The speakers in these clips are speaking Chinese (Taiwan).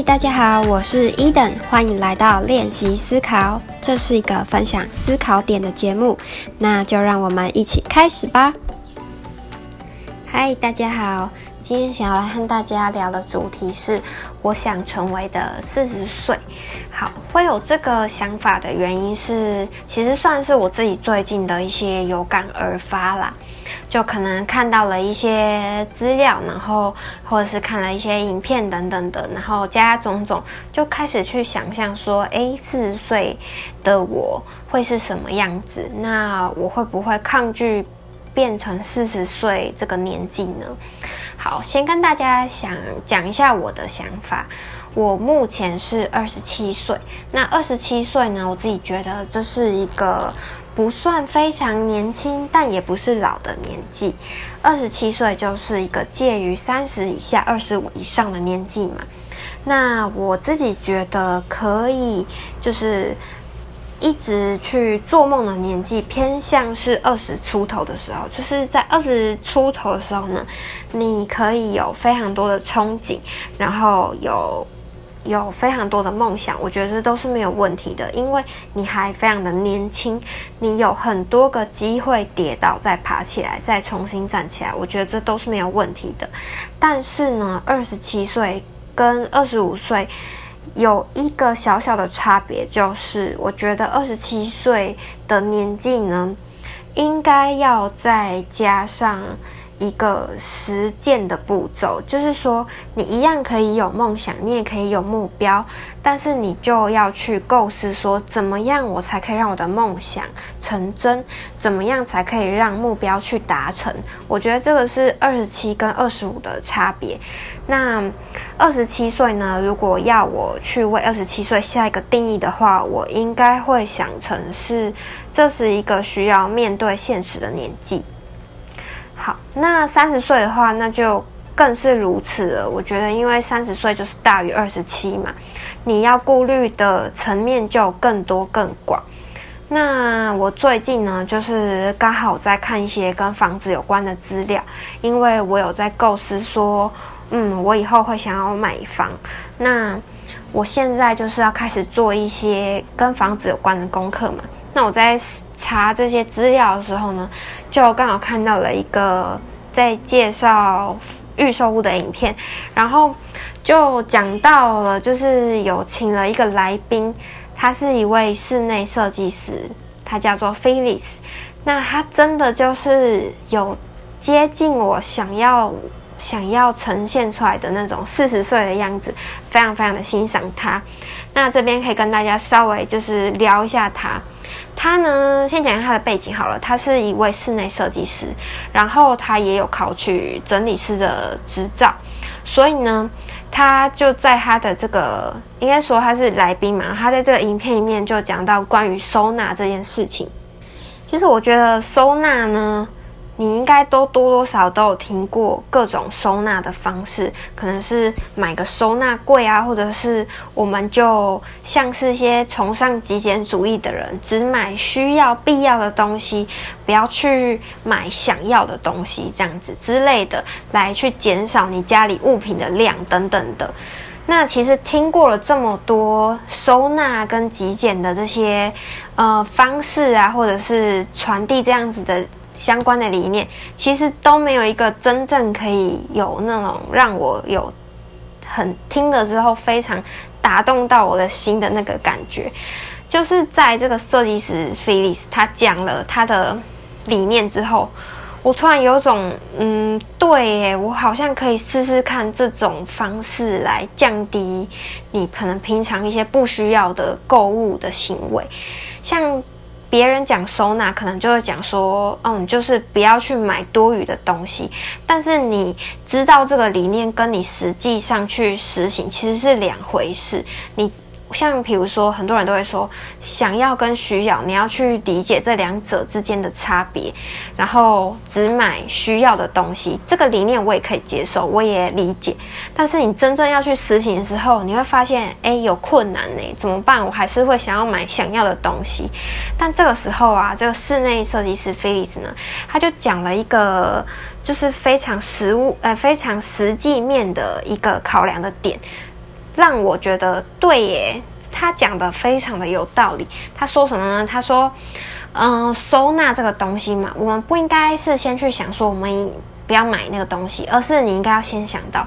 Hi, 大家好，我是 Eden，歡迎來到練習思考。這是一個分享思考點的節目，那就讓我們一起開始吧。嗨，大家好，今天想要來和大家聊的主題是我想成為的四十歲。好，會有這個想法的原因是，其實算是我自己最近的一些有感而發啦。就可能看到了一些資料，然後或者是看了一些影片等等的，然後加種種，就開始去想象說：誒、欸，四十歲的我會是什麼樣子？那我會不會抗拒變成四十歲這個年紀呢？好，先跟大家想講一下我的想法。我目前是二十七歲，那二十七歲呢？我自己覺得這是一個。不算非常年輕，但也不是老的年紀，二十七歲就是一個介於三十以下，二十五以上的年紀嘛。那我自己覺得可以，就是一直去做夢的年紀，偏向是二十出頭的時候。就是在二十出頭的時候呢，你可以有非常多的憧憬，然後有。有非常多的夢想，我覺得這都是沒有問題的，因為你還非常的年輕，你有很多個機會跌倒再爬起來，再重新站起來，我覺得這都是沒有問題的。但是呢，二十七歲跟二十五歲有一個小小的差別，就是我覺得二十七歲的年紀呢，應該要再加上。一個實踐的步驟，就是說，你一樣可以有夢想，你也可以有目標，但是你就要去構思說，怎麼樣我才可以讓我的夢想成真，怎麼樣才可以讓目標去達成。我覺得這個是二十七跟二十五的差別。那二十七歲呢？如果要我去為二十七歲下一個定義的話，我應該會想成是，這是一個需要面對現實的年紀。好，那三十歲的話，那就更是如此了。我覺得，因為三十歲就是大於二十七，嘛，你要顧慮的層面就更多更廣。那我最近呢，就是剛好在看一些跟房子有關的資料，因為我有在構思說，嗯，我以後會想要買房。那我現在就是要開始做一些跟房子有關的功課嘛。那我在查這些資料的時候呢，就剛好看到了一個在介紹預售屋的影片，然後就講到了，就是有請了一個來賓，他是一位室內設計師，他叫做 Felix。那他真的就是有接近我想要想要呈現出來的那種四十歲的樣子，非常非常的欣賞他。那這邊可以跟大家稍微就是聊一下他。他呢，先講一下他的背景好了。他是一位室內設計師，然後他也有考取整理師的執照，所以呢，他就在他的這個，應該說他是來賓嘛。他在這個影片裡面就講到關於收納這件事情。其實我覺得收納呢。你應該都多多少少都有聽過各種收納的方式，可能是買個收納櫃啊，或者是我們就像是一些崇尚極簡主義的人，只買需要必要的東西，不要去買想要的東西，這樣子之類的，來去減少你家裡物品的量等等的。那其實聽過了這麼多收納跟極簡的這些呃方式啊，或者是傳遞這樣子的。相關的理念其實都沒有一個真正可以有那種讓我有很聽了之後非常打動到我的心的那個感覺，就是在這個設計師菲利斯他講了他的理念之後，我突然有種嗯對耶，我好像可以試試看這種方式來降低你可能平常一些不需要的購物的行為，像。別人講收納，可能就會講說，嗯，就是不要去買多餘的東西。但是你知道這個理念，跟你實際上去實行，其實是兩回事。你。像比如說，很多人都會說，想要跟需要，你要去理解這兩者之間的差別，然後只買需要的東西。這個理念我也可以接受，我也理解。但是你真正要去實行的時候，你會發現，哎、欸，有困難呢、欸，怎麼辦？我還是會想要買想要的東西。但這個時候啊，這個室內設計師菲利斯呢，他就講了一個，就是非常實務，呃，非常實際面的一個考量的點。讓我覺得對耶，他講得非常的有道理。他說什麼呢？他說，嗯、呃，收納這個東西嘛，我們不應該是先去想說我們不要買那個東西，而是你應該要先想到。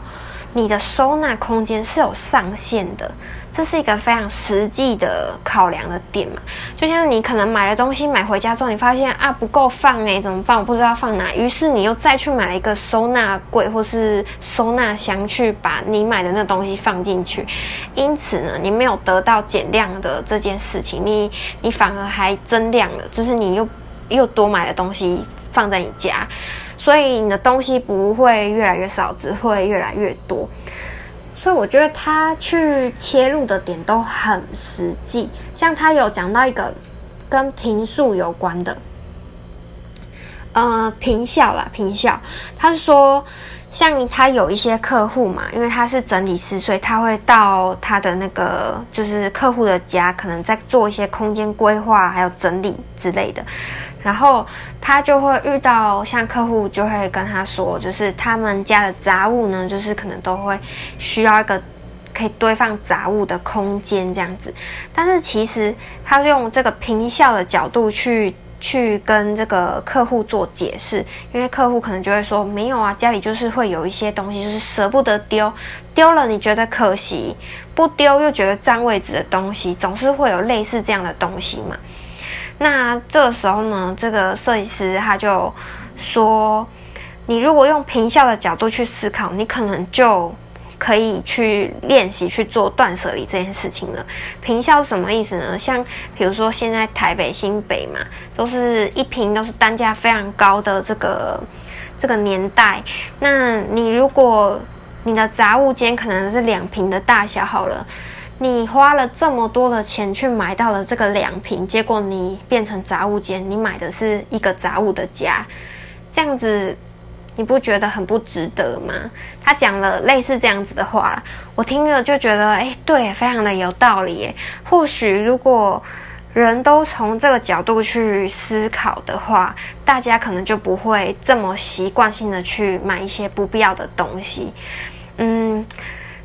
你的收納空間是有上限的，這是一個非常實際的考量的點嘛。就像你可能買了東西買回家之後，你發現啊不夠放誒、欸，怎麼辦？我不知道放哪，於是你又再去買了一個收納櫃或是收納箱去把你買的那東西放進去。因此呢，你沒有得到減量的這件事情，你你反而還增量了，就是你又又多買了東西放在你家。所以你的東西不會越來越少，只會越來越多。所以我覺得他去切入的點都很實際，像他有講到一個跟坪數有關的，呃，坪效啦，坪效，他是說，像他有一些客戶嘛，因為他是整理師，所以他會到他的那個就是客戶的家，可能在做一些空間規劃還有整理之類的。然後他就會遇到像客戶就會跟他說，就是他們家的雜物呢，就是可能都會需要一個可以堆放雜物的空間這樣子。但是其實他用這個坪效的角度去去跟這個客戶做解釋，因為客戶可能就會說沒有啊，家裡就是會有一些東西，就是捨不得丟，丟了你覺得可惜，不丟又覺得占位置的東西，總是會有類似這樣的東西嘛。那這時候呢，這個設計師他就說：“你如果用坪效的角度去思考，你可能就可以去練習去做斷舍離這件事情了。”坪效是什麼意思呢？像比如說現在台北新北嘛，都是一坪都是單價非常高的這個這個年代。那你如果你的雜物間可能是兩坪的大小好了。你花了這麼多的錢去買到了這個兩坪。結果你變成雜物間，你買的是一個雜物的家，這樣子你不覺得很不值得嗎？他講了類似這樣子的話，我聽了就覺得，哎、欸，對，非常的有道理、欸。或許如果人都從這個角度去思考的話，大家可能就不會這麼習慣性的去買一些不必要的東西。嗯。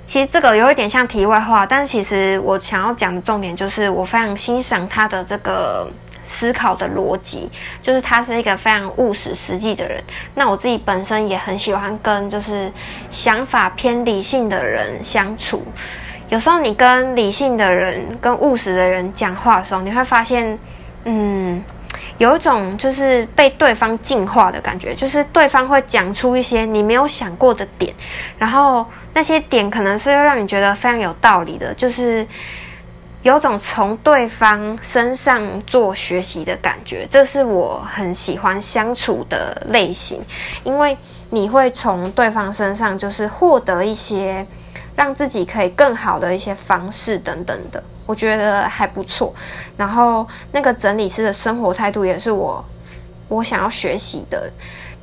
其實這個有一點像題外話，但是其實我想要講的重點就是，我非常欣賞他的這個思考的邏輯，就是他是一個非常務實、實際的人。那我自己本身也很喜歡跟就是想法偏理性的人相處。有時候你跟理性的人、跟務實的人講話的時候，你會發現，嗯。有一種就是被對方進化的感覺，就是對方會講出一些你沒有想過的點，然後那些點可能是會讓你覺得非常有道理的，就是有種從對方身上做學習的感覺，這是我很喜歡相處的類型，因為你會從對方身上就是獲得一些讓自己可以更好的一些方式等等的。我覺得還不錯，然後那個整理師的生活態度也是我我想要學習的，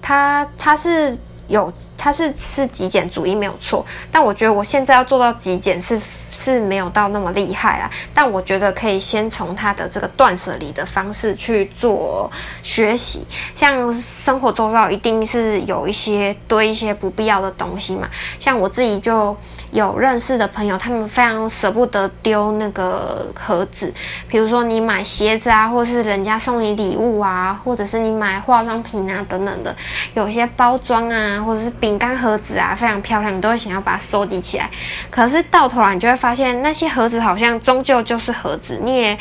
他他是有他是是極簡主義沒有錯，但我覺得我現在要做到極簡是。是沒有到那麼厲害啦，但我覺得可以先從他的這個斷捨離的方式去做學習。像生活周遭一定是有一些堆一些不必要的東西嘛。像我自己就有認識的朋友，他們非常捨不得丟那個盒子。比如說你買鞋子啊，或是人家送你禮物啊，或者是你買化妝品啊等等的，有些包裝啊，或者是餅乾盒子啊，非常漂亮，你都會想要把它收集起來。可是到頭來你就會發。發現那些盒子好像終究就是盒子，你也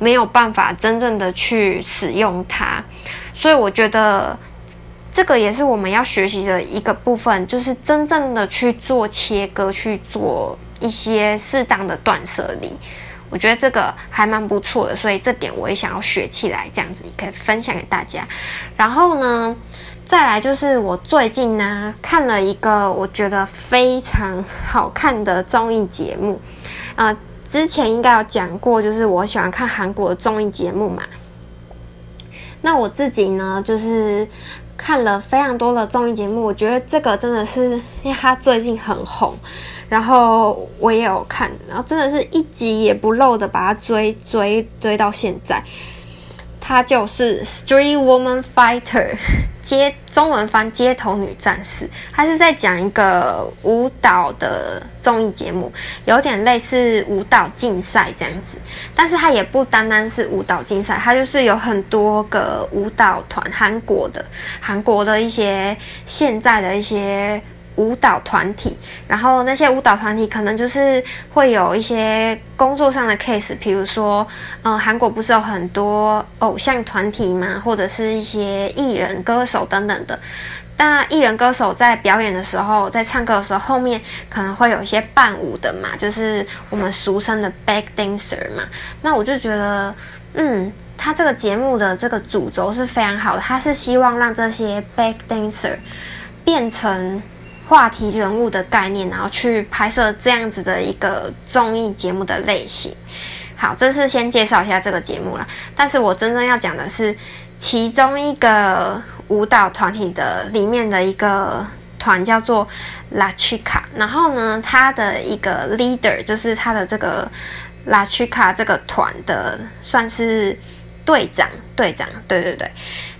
沒有辦法真正的去使用它，所以我覺得這個也是我們要學習的一個部分，就是真正的去做切割，去做一些適當的斷捨離。我覺得這個還蠻不錯的，所以這點我也想要學起來，這樣子也可以分享給大家。然後呢，再來就是我最近呢、啊、看了一個我覺得非常好看的綜藝節目，啊、呃，之前應該有講過，就是我喜歡看韓國的綜藝節目嘛。那我自己呢，就是看了非常多的綜藝節目，我覺得這個真的是因為它最近很紅，然後我也有看，然後真的是一集也不漏的把它追追追到現在。她就是 Street Woman Fighter，街中文翻街頭女戰士。她是在講一個舞蹈的綜藝節目，有點類似舞蹈競賽這樣子。但是它也不單單是舞蹈競賽，它就是有很多個舞蹈團，韓國的韓國的一些現在的一些。舞蹈團體，然後那些舞蹈團體可能就是會有一些工作上的 case，譬如說，嗯，韓國不是有很多偶像團體嘛，或者是一些藝人、歌手等等的。那藝人、歌手在表演的時候，在唱歌的時候，後面可能會有一些伴舞的嘛，就是我們俗稱的 back dancer 嘛。那我就覺得，嗯，他這個節目的這個主軸是非常好的，他是希望讓這些 back dancer 變成。話題人物的概念，然後去拍攝這樣子的一個綜藝節目的類型。好，這次先介紹一下這個節目啦。但是我真正要講的是，其中一個舞蹈團體的裡面的一個團叫做 La Chica，然後呢，他的一個 leader 就是他的這個 La Chica 這個團的算是隊長，隊長，對對對，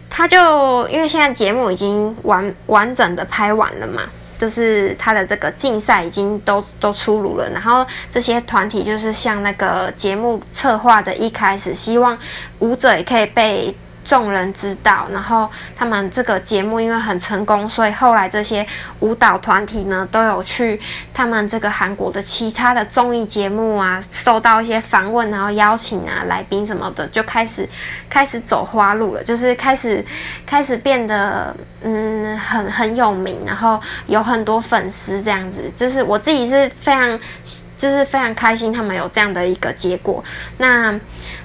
他就因為現在節目已經完完整的拍完了嘛。就是他的這個競賽已經都都出爐了，然後這些團體就是像那個節目策劃的一開始，希望舞者也可以被。眾人知道，然後他們這個節目因為很成功，所以後來這些舞蹈團體呢，都有去他們這個韓國的其他的綜藝節目啊，受到一些訪問，然後邀請啊，來賓什麼的，就開始開始走花路了，就是開始開始變得嗯很很有名，然後有很多粉絲這樣子，就是我自己是非常。就是非常開心，他們有這樣的一個結果。那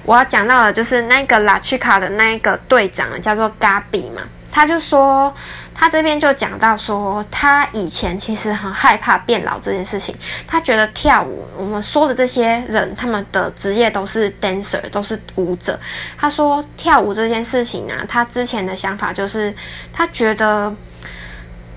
我要講到的就是那個拉奇卡的那一個隊長叫做加比嘛，他就說，他這邊就講到說，他以前其實很害怕變老這件事情。他覺得跳舞，我們說的這些人他們的職業都是 dancer，都是舞者。他說跳舞這件事情呢、啊，他之前的想法就是，他覺得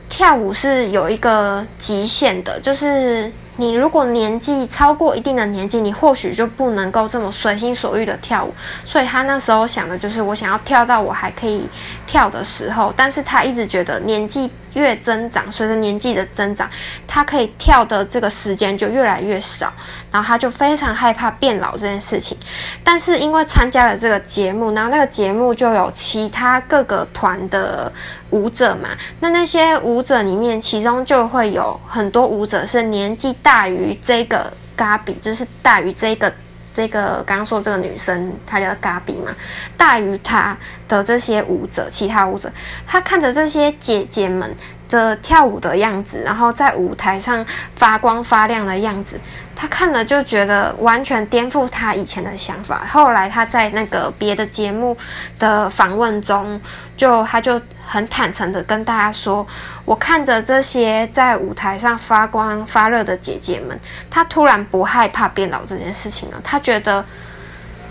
跳舞是有一個極限的，就是。你如果年紀超過一定的年紀，你或許就不能夠這麼隨心所欲的跳舞。所以他那時候想的就是，我想要跳到我還可以跳的時候。但是他一直覺得年紀。越增長，隨着年紀的增長，他可以跳的這個時間就越來越少，然後他就非常害怕變老這件事情。但是因為參加了這個節目，然後那個節目就有其他各個團的舞者嘛，那那些舞者裡面，其中就會有很多舞者是年紀大於這個嘎比，就是大於這個。這個剛剛說這個女生，她叫嘎比嘛，大於她的這些舞者，其他舞者，她看着這些姐姐們。的跳舞的樣子，然後在舞台上發光發亮的樣子，他看了就覺得完全顛覆他以前的想法。後來他在那個別的節目的訪問中，就他就很坦誠的跟大家說：“我看着這些在舞台上發光發熱的姐姐們，他突然不害怕變老這件事情了。他覺得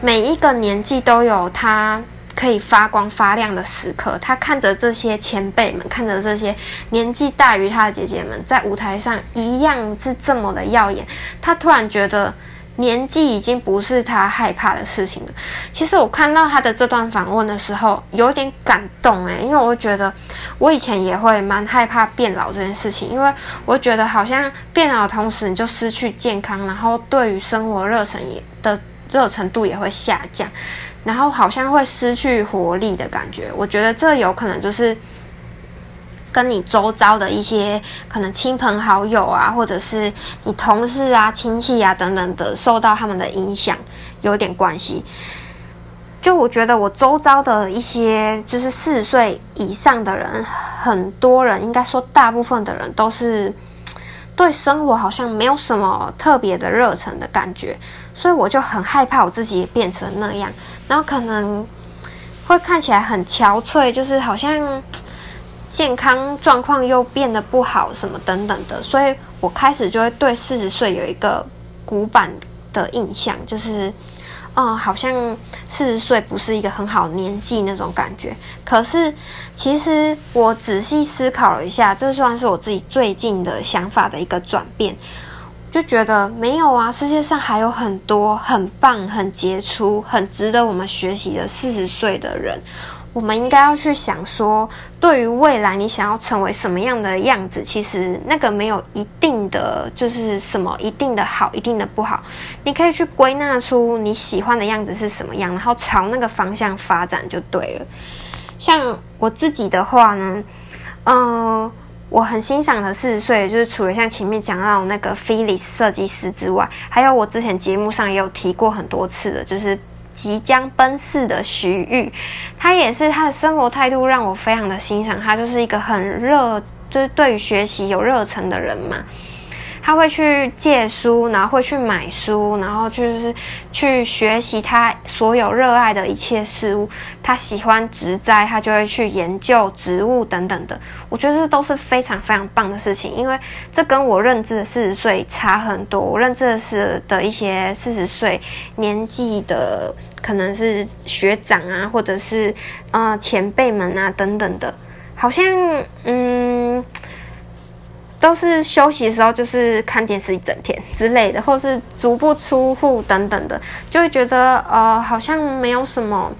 每一個年紀都有他。”可以發光發亮的時刻，他看着這些前輩們，看着這些年紀大於他的姐姐們，在舞台上一樣是這麼的耀眼。他突然覺得，年紀已經不是他害怕的事情了。其實我看到他的這段訪問的時候，有點感動哎、欸，因為我覺得我以前也會蠻害怕變老這件事情，因為我覺得好像變老的同時你就失去健康，然後對於生活熱忱也的熱程度也會下降。然後好像會失去活力的感覺，我覺得這有可能就是跟你周遭的一些可能親朋好友啊，或者是你同事啊、親戚啊等等的受到他們的影響有點關係。就我覺得我周遭的一些就是四十歲以上的人，很多人應該說大部分的人都是。對生活好像沒有什麼特別的熱忱的感覺，所以我就很害怕我自己變成那樣，然後可能會看起來很憔悴，就是好像健康狀況又變得不好什麼等等的，所以我開始就會對四十歲有一個古板的印象，就是。嗯，好像四十歲不是一個很好年紀那種感覺。可是，其實我仔細思考了一下，這算是我自己最近的想法的一個轉變。就覺得沒有啊，世界上還有很多很棒、很傑出、很值得我們學習的四十歲的人。我們應該要去想說，對於未來你想要成為什麼樣的樣子，其實那個沒有一定的，就是什麼一定的好，一定的不好。你可以去歸納出你喜歡的樣子是什麼樣，然後朝那個方向發展就對了。像我自己的話呢，呃，我很欣賞的四十歲，就是除了像前面講到那個菲利斯設計師之外，還有我之前節目上也有提過很多次的，就是。即將奔四的徐玉，他也是他的生活態度讓我非常的欣賞。他就是一個很熱，就是對於學習有熱忱的人嘛。他會去借書，然後會去買書，然後就是去學習他所有熱愛的一切事物。他喜歡植栽，他就會去研究植物等等的。我覺得這都是非常非常棒的事情，因為這跟我認知的四十歲差很多。我認知的是的一些四十歲年紀的，可能是學長啊，或者是，呃，前輩們啊等等的，好像嗯。都是休息的時候，就是看電視一整天之類的，或是足不出戶等等的，就會覺得呃，好像沒有什麼，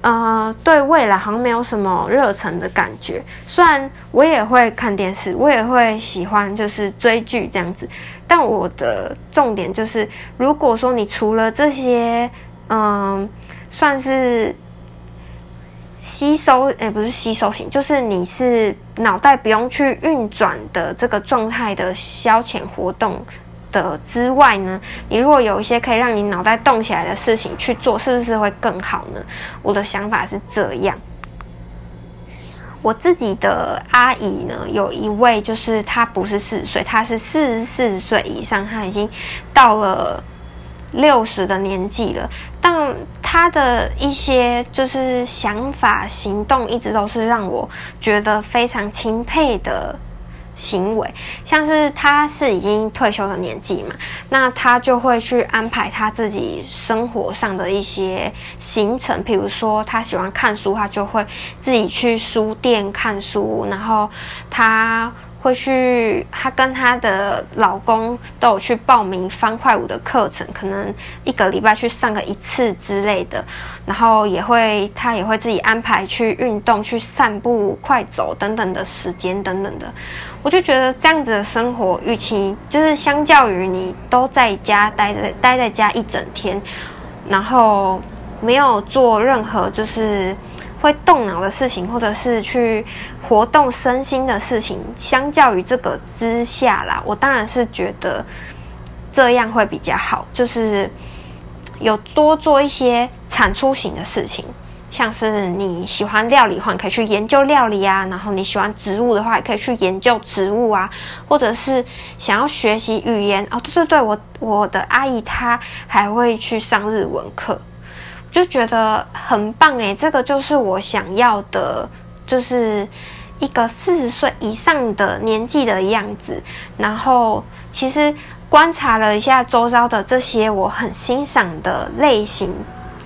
呃，對未來好像沒有什麼熱忱的感覺。雖然我也會看電視，我也會喜歡就是追劇這樣子，但我的重點就是，如果說你除了這些，嗯、呃，算是吸收，也、欸、不是吸收型，就是你是。腦袋不用去運轉的這個狀態的消遣活動的之外呢，你如果有一些可以讓你腦袋動起來的事情去做，是不是會更好呢？我的想法是這樣。我自己的阿姨呢，有一位就是她不是四十歲，她是四十四歲以上，她已經到了六十的年紀了，但。他的一些就是想法、行動，一直都是讓我覺得非常欽佩的行為。像是他是已經退休的年紀嘛，那他就會去安排他自己生活上的一些行程。譬如說他喜歡看書，他就會自己去書店看書。然後他。會去，她跟她的老公都有去報名方塊舞的課程，可能一個禮拜去上個一次之類的。然後也會，她也會自己安排去運動、去散步、快走等等的時間等等的。我就覺得這樣子的生活，預期，就是相較於你都在家待在待在家一整天，然後沒有做任何就是。會動腦的事情，或者是去活動身心的事情，相較於這個之下啦，我當然是覺得這樣會比較好，就是有多做一些產出型的事情，像是你喜歡料理的話，你可以去研究料理啊；然後你喜歡植物的話，也可以去研究植物啊；或者是想要學習語言，哦，對對對，我我的阿姨她還會去上日文課。就覺得很棒欸，這個就是我想要的，就是一個四十歲以上的年紀的樣子。然後，其實觀察了一下周遭的這些我很欣賞的類型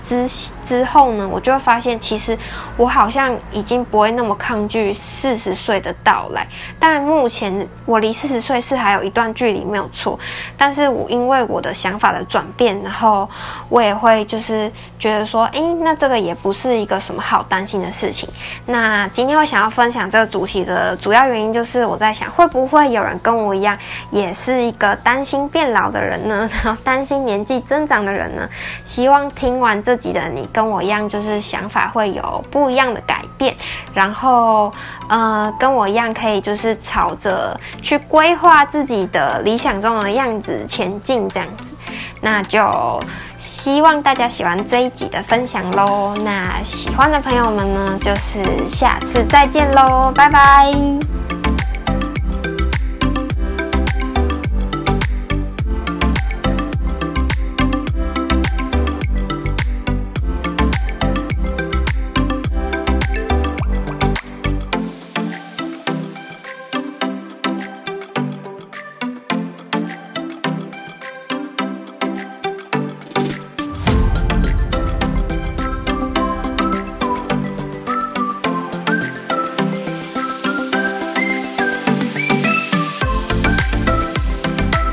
之。之後呢，我就會發現，其實我好像已經不會那麼抗拒四十歲的到來。但目前我離四十歲是還有一段距離，沒有錯。但是我因為我的想法的轉變，然後我也會就是覺得說，誒、欸，那這個也不是一個什麼好擔心的事情。那今天我想要分享這個主題的主要原因，就是我在想，會不會有人跟我一樣，也是一個擔心變老的人呢？然後擔心年紀增長的人呢？希望聽完這集的你，跟我一樣，就是想法會有不一樣的改變，然後，呃，跟我一樣可以就是朝着去規劃自己的理想中的樣子前進這樣子，那就希望大家喜歡這一集的分享囉。那喜歡的朋友們呢，就是下次再見囉，拜拜。